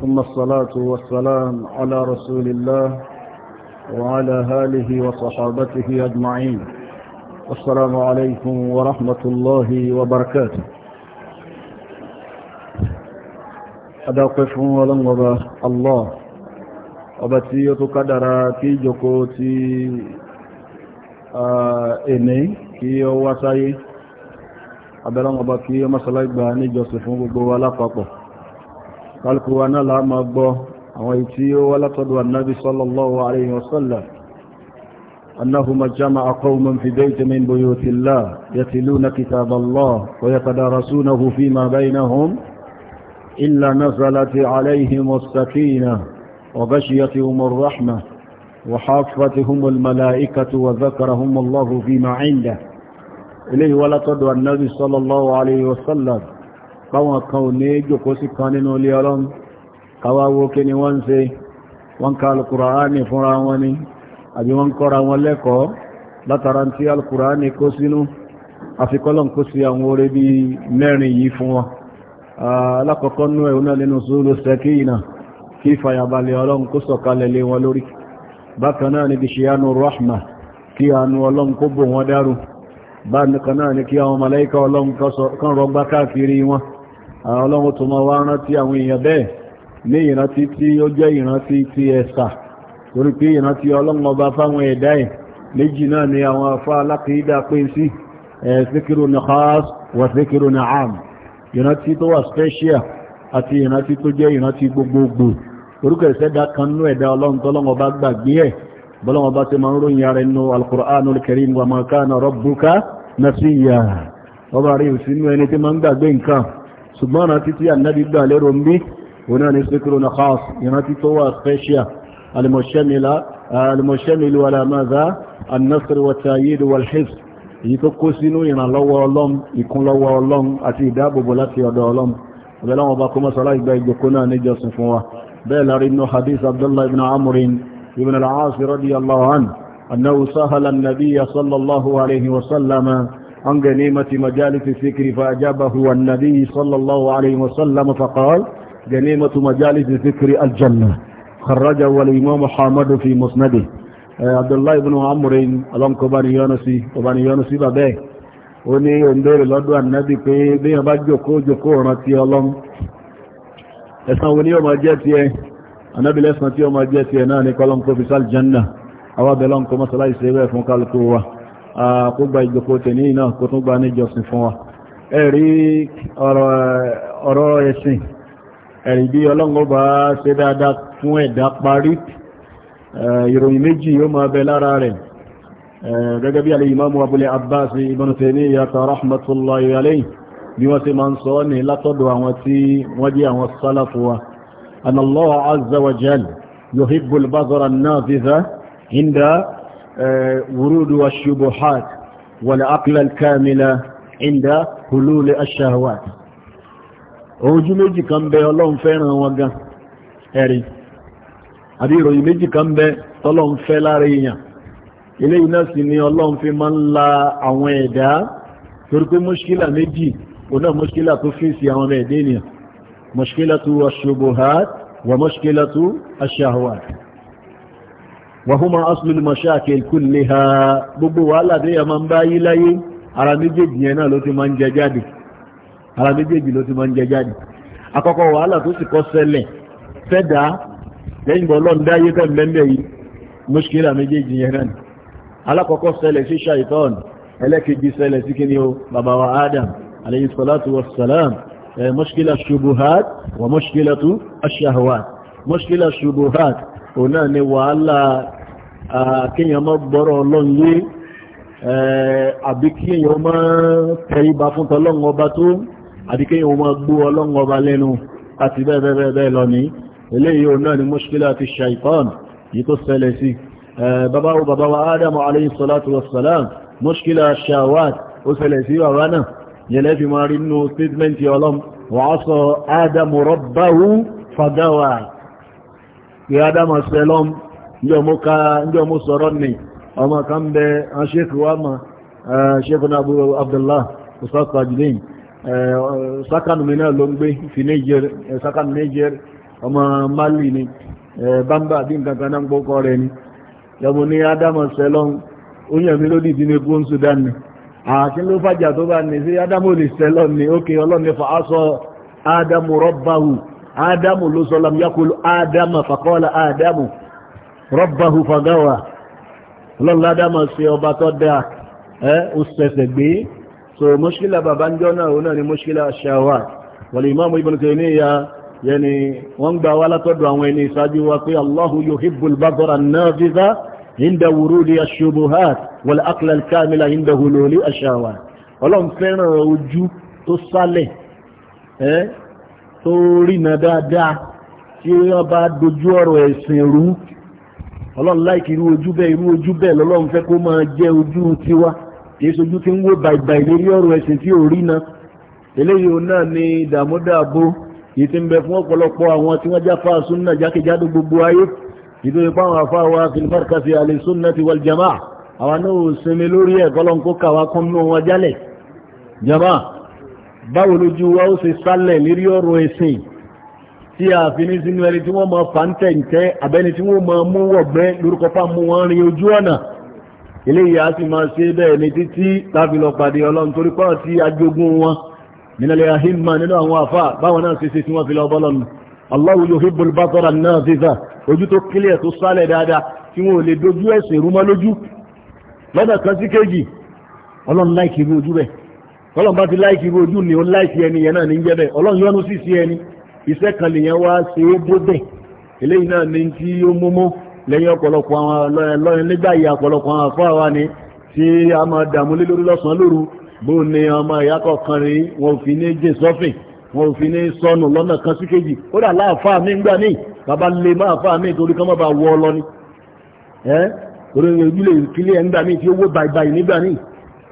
ثم الصلاة والسلام على رسول الله وعلى آله وصحابته أجمعين السلام عليكم ورحمة الله وبركاته أدوقف ولنغب الله وبتي قدر في جكوتي ẹni kí ó wá sáyé abẹ́lọ́wọ́ bá kí ó mọ́sàlá kálukú wa náà láàmà gbọ́ àwọn ìtí ó wá látọ̀dọ̀ annabi sallallahu alayhi wa sallam أنه ما جمع قوم في بيت من بيوت الله يتلون كتاب الله ويتدارسونه فيما بينهم إلا نزلت عليهم السكينة وغشيتهم الرحمة وحافتهم الملائكة وذكرهم الله فيما عنده إليه ولقد النبي صلى الله عليه وسلم báwọn kan ò ní jòkó sí kan nínú ilé ọlọ́run káwàwó kí ni wọ́n ń ṣe wọ́n ka alkùránì fúnra wọn ni àbí wọ́n kọ́ra wọn lẹ́kọ̀ọ́ látara tí alkùránì kó sínú àfikọ́lọ́n kó sí àwọn orí bí mẹ́rin yìí fún wọn alákọ̀ọ́kọ́ ah, nú ẹ̀ náà nínú sùúrù sẹ́kìnà kí ìfàyàbalẹ̀ ọlọ́run kó sọ̀kalẹ̀ lé wọn lórí bákan náà níbi ṣe yánu rahma kí àánú ọlọ́run kó bò wọn dárú bákan náà ní kí àwọn màláíkà ọlọ́run kan rọgbá káàkiri wọn àwọn ọlọ́run tó máa wá rántí àwọn èèyàn bẹ́ẹ̀ ní ìrántí tí ó jẹ́ ìrántí ti ẹ̀sà torí pé ìrántí ọlọ́run ọba fáwọn ẹ̀dá ẹ̀ méjì náà ni àwọn afá alákìídá pín sí ẹ̀ẹ́sìkìrò ní khas wà síkìrò ní am ìrántí tó wà special àti ìrántí tó jẹ́ ìrántí gbogbogbò orúkọ ìṣẹ́dá kan nú ẹ̀dá ọlọ́run tọ́lọ́run ọba gbàgbé ẹ̀ ṣùgbọ́n ìrántí tí ànábì gbà lérò ń bí òun náà ni síkúrò na khas ìrántí tó wà special alimọ̀ṣẹ́milu alamaza annasir watayidu walhis èyí tó kó sínú ìrànlọ́wọ́ ọlọ́m ìkúnlọ́wọ́ ọlọ́m àti ìdáàbòbò láti ọ̀dọ̀ ọlọ́m ọ̀bẹ̀láwọn ọba kó mọ́sọ̀lá ìgbà ìgbòkó náà níjọsìn fún wa bẹ́ẹ̀ lárí inú hadith abdullah عن جنيمة مجالس الذكر فأجابه النبي صلى الله عليه وسلم فقال جنيمة مجالس الذكر الجنة خرجه الإمام حامد في مسنده عبد الله بن عمرو اللهم كباني يونسي كباني يونسي بابه ó ní òǹdèrè lọ́dọ̀ ànábì pé bí ọba jòkó jòkó ọ̀ràn ti ọlọ́m ẹ̀san wo ní ọmọ jẹ́ ti ẹ ànábì lẹ́san tí ọmọ jẹ́ ti ẹ náà ní kọ́lọ́m kó fi sáàlì jẹ́nnà àwọn abẹ́lọ́m kó mọ́sálá ìṣẹ́wẹ́ fún kálukú wa kó gba ìjọkó tẹ̀lé náà kó tún gba níjọsìn fún wa ẹ̀rí ọ̀rọ̀ ẹ̀sìn ẹ̀rí bí ọlọ́ngọ́ bá ṣe dáadáa fún ẹ̀dá parí ìròyìn méjì yóò máa bẹ lára rẹ̀ gẹ́gẹ́ bí alìmọ́mù Abul Abbas Ibn Taymiyyah rahmatullahi alayhi bí wọ́n ti máa ń sọ ní látọ̀dọ̀ àwọn tí wọ́n jẹ́ àwọn sálàfù wa anallahu azza ورود والشبهات والعقل الكامل عند حلول الشهوات ojú méjì kan bẹ ọlọ́run fẹ́ràn wọn gan ẹ̀rí àbí ìròyìn méjì kan bẹ ọlọ́run fẹ́ lára èèyàn ilé iná sì ni ọlọ́run fi máa ń la àwọn ẹ̀dá torí pé mọ́ṣíkílà méjì ọ̀nà mọ́ṣíkílà tó fèsì àwọn ọmọ ẹ̀dá ènìyàn mọ́ṣíkílà tó aṣ-ṣubuhat wa mọ́ṣíkílà tó aṣ-ṣahawat wàhúnmọ́ asùlùmí mọ̀ṣáàkì ìkúlẹ̀ ha gbogbo wàhálà tó yẹ máa ń bá yí láyé ara méjèèjì yẹn náà ló ti máa ń jẹ jáde ara méjèèjì ló ti máa ń jẹ jáde àkọ́kọ́ wàhálà tó sì kọ́ ṣẹlẹ̀ fẹ́dà lẹ́yìn bọ́ lọ́n dáyé tẹ́ mẹ́mẹ́ yìí mọ́ṣíkìlà méjèèjì yẹn náà alákọ̀ọ́kọ́ ṣẹlẹ̀ sí ṣàìtọ́n ẹlẹ́kejì ṣẹlẹ̀ sí kíni o bàbá wa Adam alayhi salatu wa salam mọ́ṣíkìlà ṣubuhat wa mọ́ṣíkìlà tu aṣahawat mọ́ṣíkìlà ṣubuhat òun náà ni wàhálà kéèyàn mọ́ gbọ́rọ̀ ọlọ́run yé àbí kéèyàn mọ́ tẹríba fún tọlọ́run ọba tó àbí kéèyàn mọ́ gbó ọlọ́run ọba lẹ́nu àti bẹ́ẹ̀bẹ́ẹ̀ lọ ní eléyìí òun náà ni mushkila ti shaitan yìí tó ṣẹlẹ̀ sí bàbá wo bàbá wa Ádámù alayhi salatu wa salam mushkila shawat ó ṣẹlẹ̀ sí bàbá náà rabbahu fadawa pé Ádámù sẹlọ́m ǹjọ́ mo ka ǹjọ́ mo sọ̀rọ̀ ní ọmọ kan bẹ an sheikh wa ma eh, sheikh na abu abdullah ustaz tajudeen eh, sakanu mi náà ló ń gbé fi niger eh, sakanu niger ọmọ mali ni bamba bí nǹkan kan náà ń gbókọ rẹ ni yọmọ ní adamu selon oyin mi ló dìdí ní epo ń sudan ni àti ló fàjà tó bá ní sí adamu ní selon ni ókè ọlọ́ni fa aṣọ adamu rọ́bàhù adamu ló sọ yakulu adamu faqala adamu rọ́bàhù fàgáwà lọ́nà dáma sí ọba tó dáa ẹ́ ó gbé so mọ́ṣílá bàbá ń jọ náà náà ni mọ́ṣílá ṣàwà wàlì ìmáàmù Ibn Taymiyyah yẹni wọ́n gba wá látọ́dọ̀ àwọn ẹni ìsájú wa pé Allahu yuhibbul badra an-nafiza inda wurudi ash-shubuhat wal aqla al-kamila inda hululi ash-shawa dáadáa tí wọ́n bá dojú ọ̀rọ̀ ẹ̀sìn rú ọlọ́run láìkì irú ojú bẹ́ẹ̀ irú ojú bẹ́ẹ̀ lọ́lọ́run fẹ́ kó máa jẹ́ ojú tiwa kìí sojú tí ń wó bàìbàì lórí ọ̀rọ̀ ẹ̀sìn tí ò rí na eléyìí òun náà ni dàmúdàbò yìí ti ń bẹ fún ọ̀pọ̀lọpọ̀ àwọn tí wọ́n jáfa súnà jákèjádò gbogbo ayé ìtòyè pàwọn afá wa filimarka fi àlè súnà ti wal jama àwọn náà ò sinmi lórí ẹ̀ kọ́lọ́n kó kàwá kún nù wọn jálẹ̀ jama báwo lójú wa ó ṣe sálẹ̀ lórí ọ̀rọ̀ ẹ̀sìn tí a fi ní sínú ẹni tí wọ́n mọ fàǹtẹ̀ǹtẹ́ àbẹ́ni tí wọ́n mọ mú wọ̀gbẹ́ lórúkọ fáàmù wọn rin ojú ọ̀nà eléyìí a sì máa ṣe bẹ́ẹ̀ ní títí láfi lọ pàdé ọlọ́run torí pọ́n tí ajogun wọn nílẹ̀ ahimma nínú àwọn àfà báwọn náà ṣe ṣe tí wọ́n fi lọ bọ́lọ́nu Allahu yuhibbul basara nafiza ojú tó kílẹ̀ tó sálẹ̀ dáadáa tí wọn ò lè dojú ẹ̀sìn rúmọ́ lójú lọ́nà kan sí kéjì ọlọ́run láìkì irú ojú bẹ́ẹ̀ ọlọ́run bá ti láìkì irú ojú ni ó láìkì ẹni yẹn náà ní jẹ́ bẹ́ẹ̀ ọlọ́run yọ́nú sí sí ẹni iṣẹ́ kan lèyàn wá ṣe é débẹ̀ eléyìí náà ní tí ó múmú lẹ́yìn ọ̀pọ̀lọpọ̀ àwọn ọlọ́rin nígbà yìí ọ̀pọ̀lọpọ̀ àwọn àfọ́ àwa ni tí a máa dààmú lé lórí lọ́sàn-án lóru bó ni ọmọ ìyá kọ̀ọ̀kan rí wọn ò fi ní jìn sọ́fìn wọn ò fi ní sọnù lọ́nà kan sí kejì ó dà láàfáà mi ń gbà ní bàbá lè máa fáà mi torí kán má ba wọ ọ lọ ni ẹ́ torí ìgbìlẹ̀ ìkílẹ̀ ẹ̀ ń gbà mí tí ó wó bàìbàì nígbà ní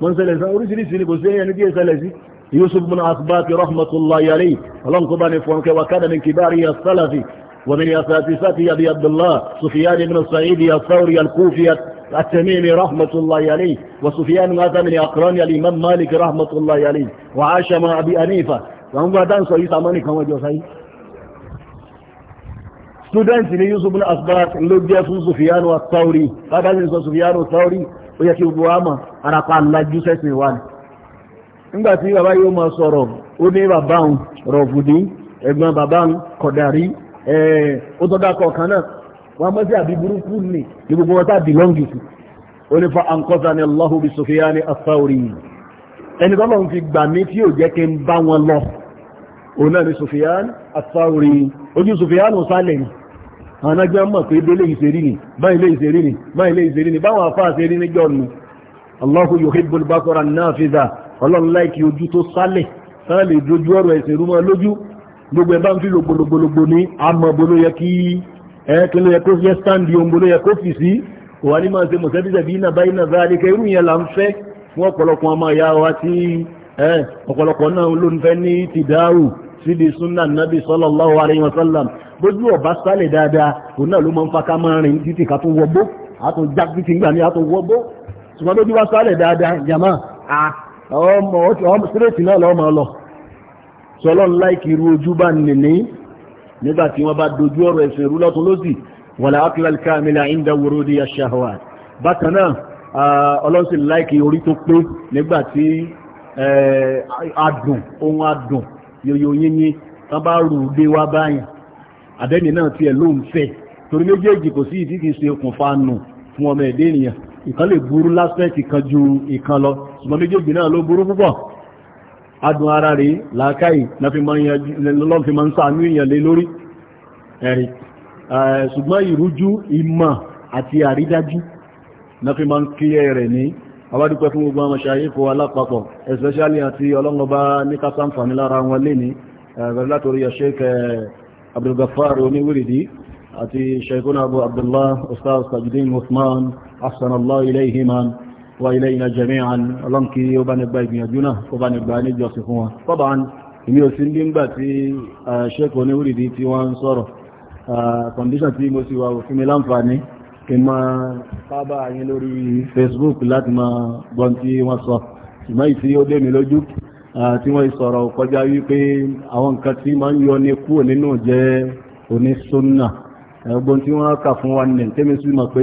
mọ́ ń ṣẹlẹ̀ sí oríṣiríṣi ni kò sí ẹni tí ẹ ṣẹlẹ̀ sí يوسف بن أثبات رحمة الله عليه اللهم قبان فوانك وكان من كباري السلفي ومن أساتذته أبي عبد الله سفيان بن السعيد الثوري الكوفي التميمي رحمة الله عليه وسفيان هذا من أقران الإمام مالك رحمة الله عليه وعاش مع أبي أنيفة وهم بعدان سعيد أماني كما جو سعيد student ليوسف بن bin Asbat سفيان jẹ́ fún Sufyan wa Thauri bá bá sì sọ Sufyan wa Thauri nígbàtí bàbá yóò máa sọ̀rọ̀ ó ní bàbá òun rọ̀fùdí ẹ̀gbọ́n bàbá òun kọ̀dàrí ó tọ́dá kọ̀ọ̀kan náà wọ́n mọ́ sí àbí burúkú ní gbogbo wọn tàbí lọ́ngì sí ó ní fa àǹkọ́sà ní Allahu bí Sufyan as-Sawri ẹni tọ́lọ́ fi gbà mí tí yóò jẹ́ kí n bá wọn lọ òun náà ni Sufyan as-Sawri ojú Sufyan ò sálẹ̀ ni àwọn agbẹ́ mọ̀ pé bẹ́lẹ̀ ìṣerí ni báyìí ìṣerí ni báyìí ìṣerí ni báwọn afá ìṣerí ni jọ́nu Allahu yuhibbul basara an-nafiza ọlọ́run láìkí ojú tó sálẹ̀ sáà lè dojú ọ̀rọ̀ ẹ̀sìn rúmọ́ lójú gbogbo ẹ̀ bá ń fi lògbòlògbòlògbò ní àmọ́ bolo yẹ kí ẹ̀ẹ́kẹ́ ló yẹ kó yẹ sáǹdì ohun bolo yẹ kó fì sí wà ní máa ṣe mọ̀sẹ́bíṣẹ́ bí iná báyìí náà báyìí kẹ́ irú yẹn là ń fẹ́ fún ọ̀pọ̀lọpọ̀ ọmọ ìyá wa tí ọ̀pọ̀lọpọ̀ náà ló ń fẹ́ ní tìdáhù síbi súnà nábì sallallahu alaihi wasallam bójú ọ̀bá sálẹ̀ dáadáa òun náà ló máa ń fa máa rìn títì ká tó wọgbó àtúnjá títì gbà ní àtúnwọgbó ṣùgbọ́n bójú wá sálẹ̀ dáadáa jàmáà àwọn ọmọ ọmọ síréètì náà lọ́mọ lọ sọlọ́n láìkì irú ojú bá nìní nígbà tí wọ́n bá dojú ọ̀rọ̀ ẹ̀sìn irú lọ́tún lósì wàlá akílal kámílà ìndà wòròdì aṣáhùwà bákan náà ọlọ́sìn láìkì orí tó pé nígbà tí adùn ohun adùn yòyò yínyìn tán bá rù dé wá báyìí àdẹ́ni náà tiẹ̀ ló ń torí méjèèjì kò sí ìdí kìí okùnfà nù fún ọmọ ẹ̀dẹ́ ènìyàn ìkan lè burú láspẹ́ẹ̀tì kan ju ìkan lọ ṣùgbọ́n méjèèjì náà ló burú púpọ̀ adùn ara rẹ̀ làákàyè lọ́n fi máa ń sàánú èèyàn lé lórí ẹ̀rì ṣùgbọ́n ìrújú ìmọ̀ àti àrídájú na fi máa ń kílẹ̀ rẹ̀ ní àwádúpẹ́ fún gbogbo àwọn ṣàyíkò alápapọ̀ especially àti ọlọ́ngọba ní kásánfàní lára wọn lè ní oníwìrìdí àti Sheikhuna Abu Abdullah Ustaz Tajudeen Usman أحسن الله إليهما وإلينا جميعا اللهم كي يبان البايب يدنا وبان الباني يصفوها طبعا يوسين بمبا في شيخ ونوري دي تيوان صورة condition tí mo sì wà fún mi láǹfààní kí n máa sábà yín lórí Facebook láti máa gbọ́n tí wọ́n sọ ṣùgbọ́n ìtí ó dé mi lójú tí wọ́n sọ̀rọ̀ kọjá wípé àwọn nǹkan tí máa ń yọ ní kúrò nínú jẹ́ onísúnnà ẹgbọ́n tí wọ́n kà fún wa nìyẹn tẹ́mi sí mọ̀ pé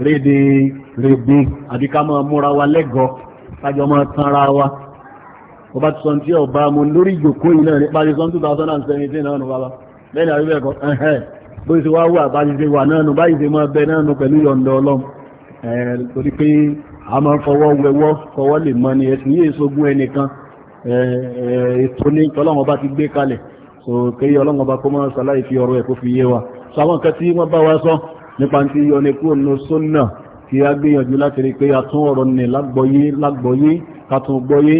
rédè rèdè àbí ká máa múra wa lẹ́gọ̀ọ́ kájọ máa tanra wa ọba ti sọ tí ọba mo lórí ìjòkó yìí náà nípa ti sọ 2017 náà nù bàbá lẹ́yìn àríwẹ̀ ẹ̀kọ́ ẹ̀hẹ́ bó ṣe wá wà bá ṣe wà náà nù báyìí ṣe máa bẹ náà nù pẹ̀lú yọ̀ǹda ọlọ́m so kéyí ọlọ́wọ́n bá kó máa ṣàlàyé fi ọ̀rọ̀ ẹ̀ kó fi nípa tí yọ ní kúrò nínú súnà kí a gbìyànjú láti rí pé a tún ọ̀rọ̀ ní lágbọ́yé lágbọ́yé kátún gbọ́yé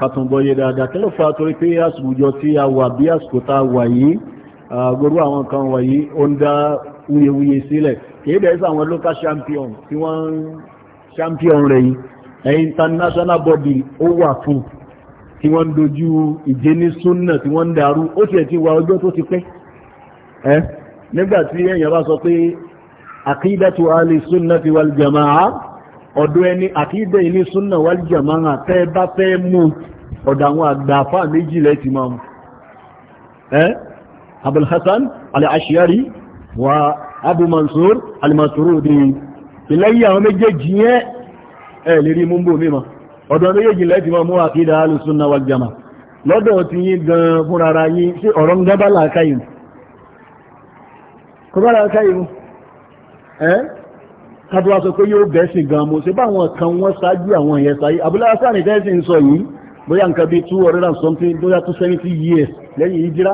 kátún gbọ́yé dáadáa kí ló fà torí pé àsìkòjọ tí a wà bí àsìkò tá wà yìí gbogbo àwọn kan wà yìí ó ń dá wuyewuye sílẹ̀ kìí dẹ̀ sí àwọn local champion tí wọ́n champion rẹ̀ yìí international body ó wà fún tí wọ́n ń dojú ìjẹ́ ní súnà tí wọ́n ń darú ó tiẹ̀ ti wà ọjọ́ tó ti pẹ́ nígbàtí èyàn bá sọ pé àkídàtù alì súnnà ti wal jama'a ọ̀dọ̀ ẹni àkídà ilé súnnà wal jama'a tẹ́ bá fẹ́ mú ọ̀dọ̀ àwọn àgbàfà méjì lẹ́ ti máa mú ẹ́ Abul Hasan al-Ash'ari wa Abu Mansur al-Maturidi ìlẹ́yìn àwọn méjèèjì yẹn ẹ̀ lè rí mú bò mímọ̀ ọ̀dọ̀ lọ́dọ̀ ti yín gan fúnra yín sí ọ̀rọ̀ ń gábálà káyìn kò bá ra káyé mu ẹ́ kátó wá sọ pé yóò bẹ́sìn gan mo ṣe bá àwọn kan wọ́n ṣáájú àwọn ìyẹn sáyé Abúlé Hasan ìfẹ́sì ń sọ yìí bóyá nǹkan bíi two hundred and something bóyá two seventy years lẹ́yìn ìjírá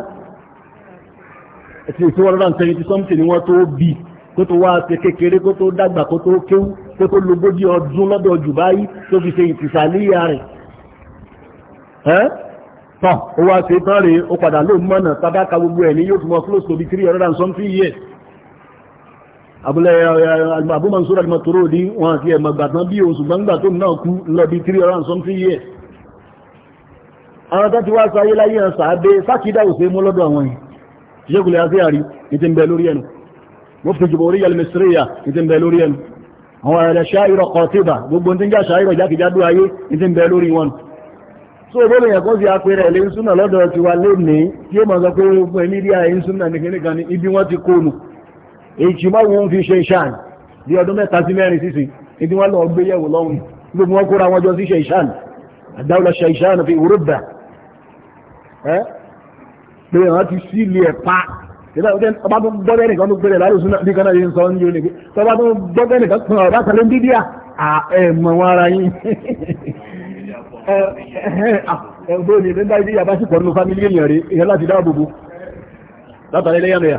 two hundred and seventy something ni wọ́n tó bì kó tó wá ṣe kékeré kó tó dàgbà kó tó kéwú kó tó lógójì ọdún lọ́dọ̀ jù báyìí tó fi ṣe ìtìsàníyà rẹ̀ ẹ́ tán ó wá ṣe tán rèé ó padà lóun mọ̀nà tábàkà gbogbo ẹ̀ ní yóò tún mọ́ close to be three hundred and something years Eh, eh, Abu Mansur al-Maturidi wọn àti ẹ̀mọ̀ gbàtán bí oṣù gbangba tó náà kú lọ bí 300 something years àwọn tó ti wá sọ ayé láyé ẹ̀sà abé sákídá òsè mú lọ́dọ̀ àwọn yìí ṣíṣẹ́kùlẹ̀ azíyàrí ìtì ń bẹ lórí ẹnu wọ́n fi jùbọ̀ orí yalmisiriya ìtì ń bẹ lórí ẹnu àwọn ẹ̀rẹ̀ ṣáírọ̀ kọtíbà so ìbọn èèyàn kan fi apẹrẹ ilé ń súnà lọ́dọ̀ tiwa lónìí tí ó mọ̀ sọ pé ó fún ẹ̀mí rí nìkan ní ibi wọ́n ti kóònù èyí tí máa wọ́n fi ṣe ìṣàn bí ọdún mẹ́ta sí mẹ́rin sísì ìdí wọ́n lọ gbé yẹ̀wò lọ́wọ́ gbogbo wọn kóra wọn jọ sí ṣe ìṣàn àdáwọlọ ṣe ìṣàn fi wúrúbà ẹ́ pé wọ́n ti sí ilé ẹ̀ pa tọ́ba tó gbọ́dọ̀ nìkan tó gbẹ̀rẹ̀ láàrú súnà bí kanáà yìí sọ ní yóò nígbẹ́ tọ́ba tó gbọ́dọ̀ nìkan tó ọ̀rọ̀ bá tẹ̀lé dídí à ẹ̀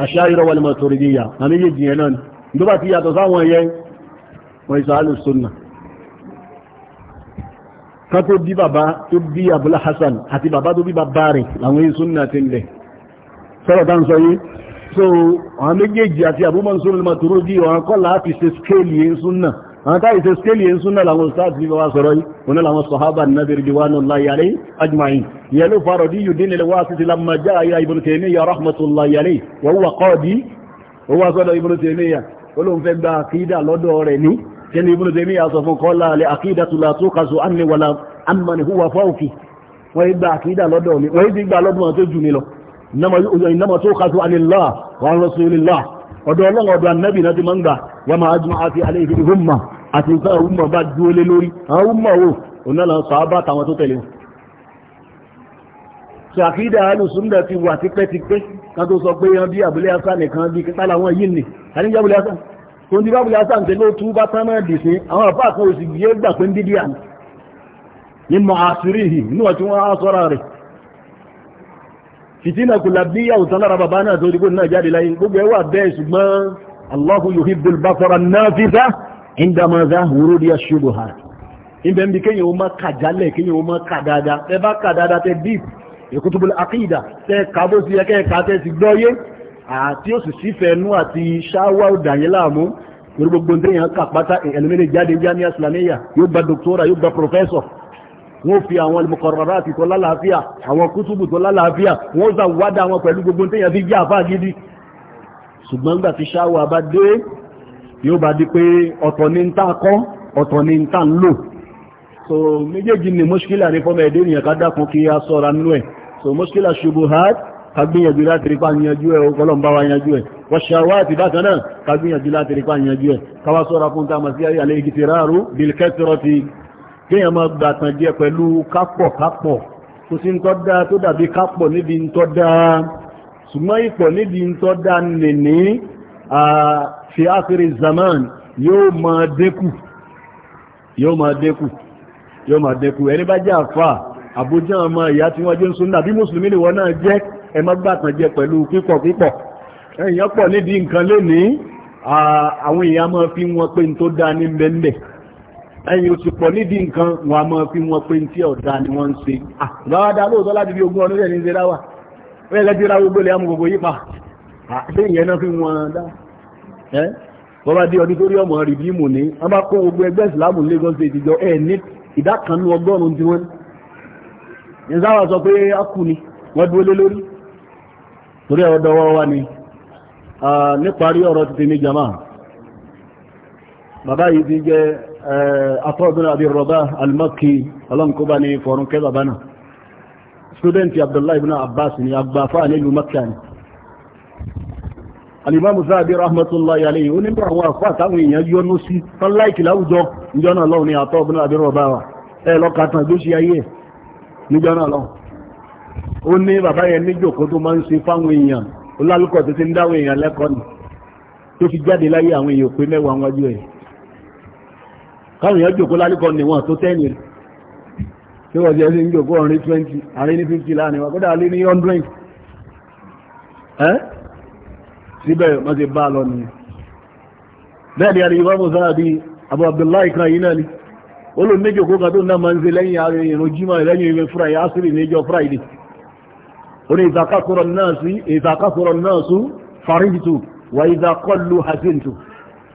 àṣáyírọ̀ wal maturidiyya àmì yìí jìyàn náà ni tó bá ti yàtọ̀ sáwọn ẹyẹ wọn ìsọ alù sunna kan tó bí bàbá tó bí abúlá hasan àti bàbá tó bí bàbá rẹ̀ làwọn yìí àwọn táyì tó skéèlì yẹn súnà làwọn ustaz bí wá sọ̀rọ̀ yìí wọn làwọn sọ̀hábà nàbí ridwanullahi alayhi ajma'in yẹn ló fa rọ̀díyù dín nílẹ̀ wá sí ti lamma jaa ibn Taymiyyah rahmatullahi alayhi wa huwa qadi ó wá sọ́dọ̀ ibn Taymiyyah ó lóun fẹ́ gba àkídà lọ́dọ̀ rẹ̀ ní kẹ́ni ibn Taymiyyah sọ fún kọ́lá alẹ́ àkídà tó látó kaso anni wàlá amman huwa fawqi wọ́n yìí gba àkídà lọ́dọ̀ mi wọ́n yìí gba lọ́dọ̀ tó jù mí lọ ìnáma tó anillah wa rasulillah ọ̀dọ̀ ọlọ́run ọ̀dọ̀ anábì náà ti máa ń gbà wọ́n máa jùmọ̀ àti alẹ́ ìfẹ́ ìhùnmà àti ìfẹ́ ìhùnmà bá dúró lé lórí àwọn ìhùnmà wo òun náà sọ abá tàwọn tó tẹ̀lé ṣàkídà alùsùnlẹ̀ ti wà tipẹ́tipẹ́ kan tó sọ pé yan bí abúlé asán nìkan bí kíkà làwọn yìí nì àní jẹ́ abúlé asán tó ń di bábúlé asán ń tẹ́lẹ̀ tú bá tán náà dì sí àwọn àfáà kan òsì yé gbà pé ń dídí àná ní mọ̀ àṣírí yìí níwọ̀n tí wọ́n á sọ́ra rẹ̀ fìtínà kò làbí yàwó tán lára bàbá náà tó dìbò náà jáde láyé gbogbo ẹwà bẹ́ẹ̀ ṣùgbọ́n Allahu yuhibbul basara an-nafiza indama za wurudi ash-shubuhat ibẹ̀ ń bi kéèyàn ó má kà jálẹ̀ kéèyàn ó má kà dáadáa ẹ bá kà dáadáa tẹ deep ìkútùbùl àkídà tẹ kà bó ti yẹ kẹ́ kà gbọ́ yé àti ó sì sífẹ̀ẹ́ nú àti ṣáwá òdàyé láàmú lórí gbogbo ntẹ́yìn kà pátá ẹlẹ́mẹ́lẹ́ jáde jáde islamiyya yóò gba dókítọ́rà yóò gba pòfẹ́sọ̀ wọ́n fi àwọn al-muqarrarati tó lálàáfíà àwọn kútùbù tó lálàáfíà wọ́n zà wádà wọn pẹ̀lú gbogbo tẹ́yàn fi jẹ́ àfáà gidi ṣùgbọ́n gbà ti ṣáwà bá yóò bá di pé ọ̀tọ̀ ni ń tà kọ́ ọ̀tọ̀ ni ń tà ń lò so méjèèjì ni mọ́ṣkílà ní fọ́mọ̀ èdè ènìyàn ká dákun kí a sọ́ra nínú ẹ̀ so mọ́ṣkílà ṣubuhat kagbìyànjú láti rí pa yanjú ẹ̀ ọgọ́lọ́mbá wa yanjú ẹ̀ wọ́ṣàwáàtì bákan náà kagbìyànjú láti rí pa yanjú ẹ̀ káwá sọ́ra fún tamasi ayé alẹ́ ìgìtìráàrú bilkẹ́tìrọ́tì kéèyàn máa gbà tàn jẹ pẹ̀lú kápọ̀ kápọ̀ kò sí ntọ́ dá tó dàbí kápọ̀ níbi ntọ́ dá ṣùgbọ́n ìpọ̀ níbi ntọ́ dá nìní fi áfírí zaman yóò máa dẹ́kù yóò máa dẹ́kù yóò máa dẹ́kù ẹni bá jẹ́ àfà àbújá ọmọ ìyá tí wọ́n jẹ́ ń súnà bí mùsùlùmí ni wọ́n náà jẹ́ ẹ má gbà tàn jẹ pẹ̀lú pípọ̀ pípọ̀ èèyàn pọ̀ níbi nǹkan lónìí àwọn èèyàn máa fi wọn pé ntó dá ní mbẹ́mbẹ́ ẹ̀yìn òsì pọ̀ níbi nǹkan wọn a máa fi wọn pé tí ọ̀dá ni wọ́n ń ṣe àgbáwádá ah, lóòótọ́ láti bí ogún ọdún rẹ̀ ní ìṣẹ́láwà wẹ́n lẹ́tí ra gbogbo ilẹ̀ amú gbogbo yípa ah, ṣé ìyẹn náà fi wọn dá ẹ́ bọ́bá dé ọdún tó rí ọmọ rìbí mù ní wọ́n bá ni wọ́n dúró lé jama ah, bàbá yìí ti jẹ́ Eh, afọ́bìnrin àbí rọ̀bá almaki ọlọ́nkọba ni fọ̀rúnkẹ́ bàbá náà student abdullahi ibn abbas ni agbàfà nílùú makka ni alimamu sáàbí rahmatullahi alayhi ó nígbà àwọn àfọ́ àtàwọn èèyàn yọnú sí tọ́láìkì láwùjọ níjọ́nà lọ́wọ́ ni àtọ́bìnrin àbí rọ̀bá wa ẹ lọ́ka tán gbóṣì ayé níjọ́nà lọ́wọ́ ó ní bàbá yẹn níjòkó tó máa ń ṣe fáwọn èèyàn ó lálùkọ̀ tó ti ń dáwọn èèyàn lẹ́kọ̀ọ́ ni tó fi jáde láyé àwọn èèyàn pé mẹ́wàá wájú ẹ̀ káwọn èèyàn jòkó lálẹ́kọ́ ní wọn tó tẹ́ni rẹ̀ tí wọ́n jẹ́ sí ń jòkó ọ̀rin 20 àrin ní 50 láàrin wọn kódà lé ní 100 ẹ́ síbẹ̀ wọ́n ti bá lọ nìyẹn bẹ́ẹ̀ ni a lè yíwá mọ̀ sára bí Abu Abdullahi kan yìí náà ni ó lò méjì kó kan tó náà máa ń ṣe lẹ́yìn ààrẹ ìrìn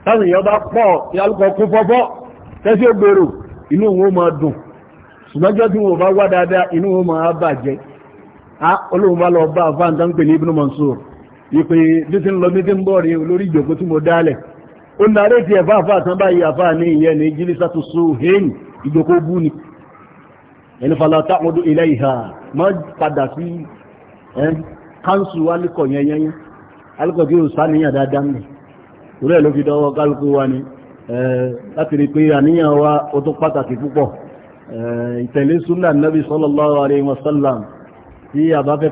táwọn èèyàn pọ̀ yálùkọ̀ kún fọ́fọ́ tẹ́sí ó gbèrò inú wọn máa dùn ṣùgbọ́njọ́ tí wọn bá wá dáadáa inú wọn máa bàjẹ́ olóhùn bá lọ bá àfáàntà ń pè ní Ibn Mansur ìpè bí ń lọ bí ti ń bọ̀ rí olórí tí mo dálẹ̀ ó nàárẹ̀ tí ẹ̀fà tán ní ní bú ni ẹni fàlà táwọn ilẹ̀ ìhà má padà sí kánṣu tí ni Eh, láti rí pé àníyàn wa ó tó pàtàkì púpọ̀ eh, ìtẹ̀lé súnà nàbí sallallahu alaihi wasallam tí àbáfẹ́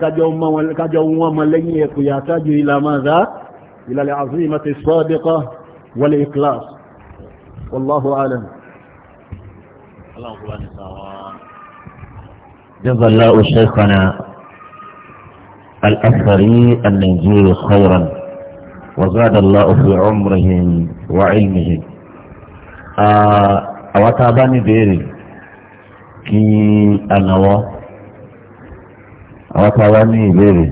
kájọ wọn mọ lẹ́yìn ẹ̀kù yàtájú ìlàmàdá ìlàlẹ̀ azimati sadiqa wal ikhlas wallahu alam جزا الله شيخنا الأثري وزاد الله في عمرهم وعلمهم àwọn tá a bá ní béèrè kí ànáwọ́ àwọn tá a bá ní ìbéèrè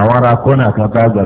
àwọn ará kọ́nà kan bá gbà.